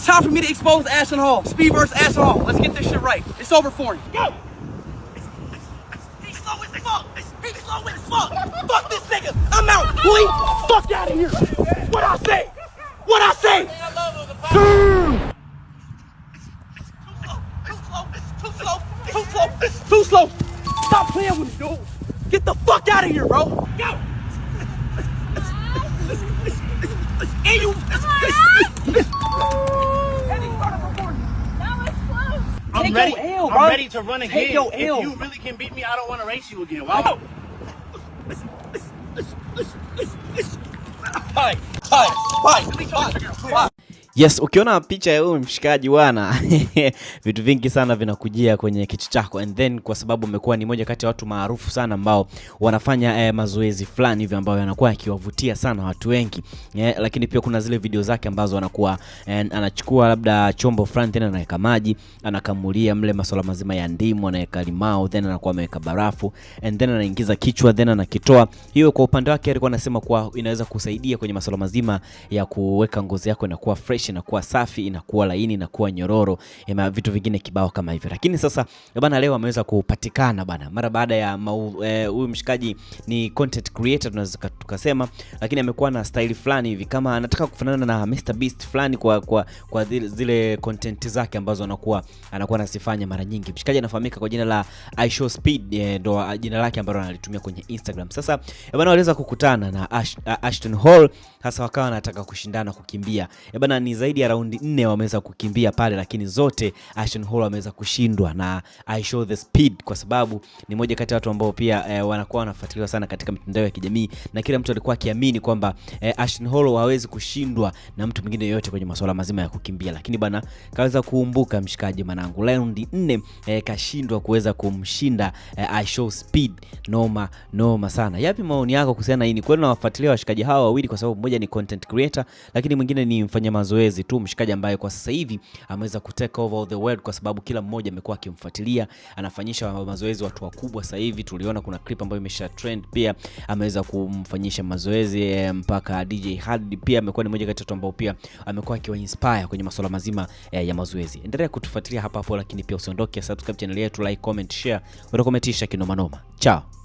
It's time for me to expose Ashton Hall. Speed versus Ashton Hall. Let's get this shit right. It's over for him. Go! He's slow as fuck! He's slow as fuck! fuck this nigga! I'm out! fuck out of here? What I say? What I say? slow. Too slow! Too slow! Too slow! Stop playing with me, dude! Get the fuck out of here, bro! Go! I'm Take ready. Your I'm ready to run again. Take your L. If you really can beat me, I don't want to race you again. Why? Hi. Hi. Hi. Hi. Yes, ukiona picha ya huyu mshikaji bwana, vitu vingi sana vinakujia kwenye kichwa chako, and then kwa sababu umekuwa ni moja kati ya watu maarufu sana ambao wanafanya eh, mazoezi fulani hivyo ambayo yanakuwa yakiwavutia sana watu wengi yeah, lakini pia kuna zile video zake ambazo anakuwa eh, anachukua labda chombo fulani, tena anaweka maji, anakamulia mle masuala mazima ya ndimu, anaweka limao, then anakuwa ameweka barafu, and then anaingiza kichwa, then anakitoa. Hiyo kwa upande wake alikuwa anasema kuwa inaweza kusaidia kwenye masuala mazima ya kuweka ngozi yako inakuwa fresh inakuwa safi, inakuwa laini, inakuwa nyororo, ema eh, vitu vingine kibao kama hivyo. Lakini sasa eh, bana, leo ameweza kupatikana bana mara baada ya eh, huyu e, mshikaji ni content creator tunaweza tukasema, lakini amekuwa na style fulani hivi kama anataka kufanana na Mr Beast fulani kwa, kwa, kwa zile content zake ambazo anakuwa anakuwa anazifanya mara nyingi. Mshikaji anafahamika kwa jina la I Show Speed ndo eh, jina lake ambalo analitumia kwenye Instagram. Sasa bana, waliweza kukutana na Ash, ah, Ashton Hall hasa wakawa anataka kushindana kukimbia E bana ni ni zaidi ya raundi nne wameweza kukimbia pale, lakini zote Ashton Hall ameweza kushindwa na I show the speed, kwa sababu ni moja kati ya watu ambao pia eh, wanakuwa wanafuatiliwa sana katika mitandao ya kijamii na kila mtu alikuwa akiamini kwamba eh, Ashton Hall hawezi kushindwa na mtu mwingine yoyote kwenye masuala mazima ya kukimbia, lakini bana kaweza kuumbuka mshikaji manangu, raundi nne eh, kashindwa kuweza kumshinda eh, I show speed. Noma noma sana. Yapi maoni yako kuhusiana na hii? Ni kweli nawafuatilia washikaji hawa wawili kwa sababu mmoja ni content creator, lakini mwingine ni mfanya mazoezi mazoezi tu, mshikaji ambaye kwa sasa hivi ameweza kuteka over the world, kwa sababu kila mmoja amekuwa akimfuatilia, anafanyisha mazoezi watu wakubwa. Sasa hivi tuliona kuna clip ambayo imesha trend, pia ameweza kumfanyisha mazoezi eh, mpaka DJ Hard pia amekuwa ni mmoja kati ya watu ambao pia amekuwa akiwa inspire kwenye masuala mazima eh, ya mazoezi. Endelea kutufuatilia hapa hapo, lakini pia usiondoke, subscribe channel yetu, like, comment, share, utakometisha kinoma noma. Ciao.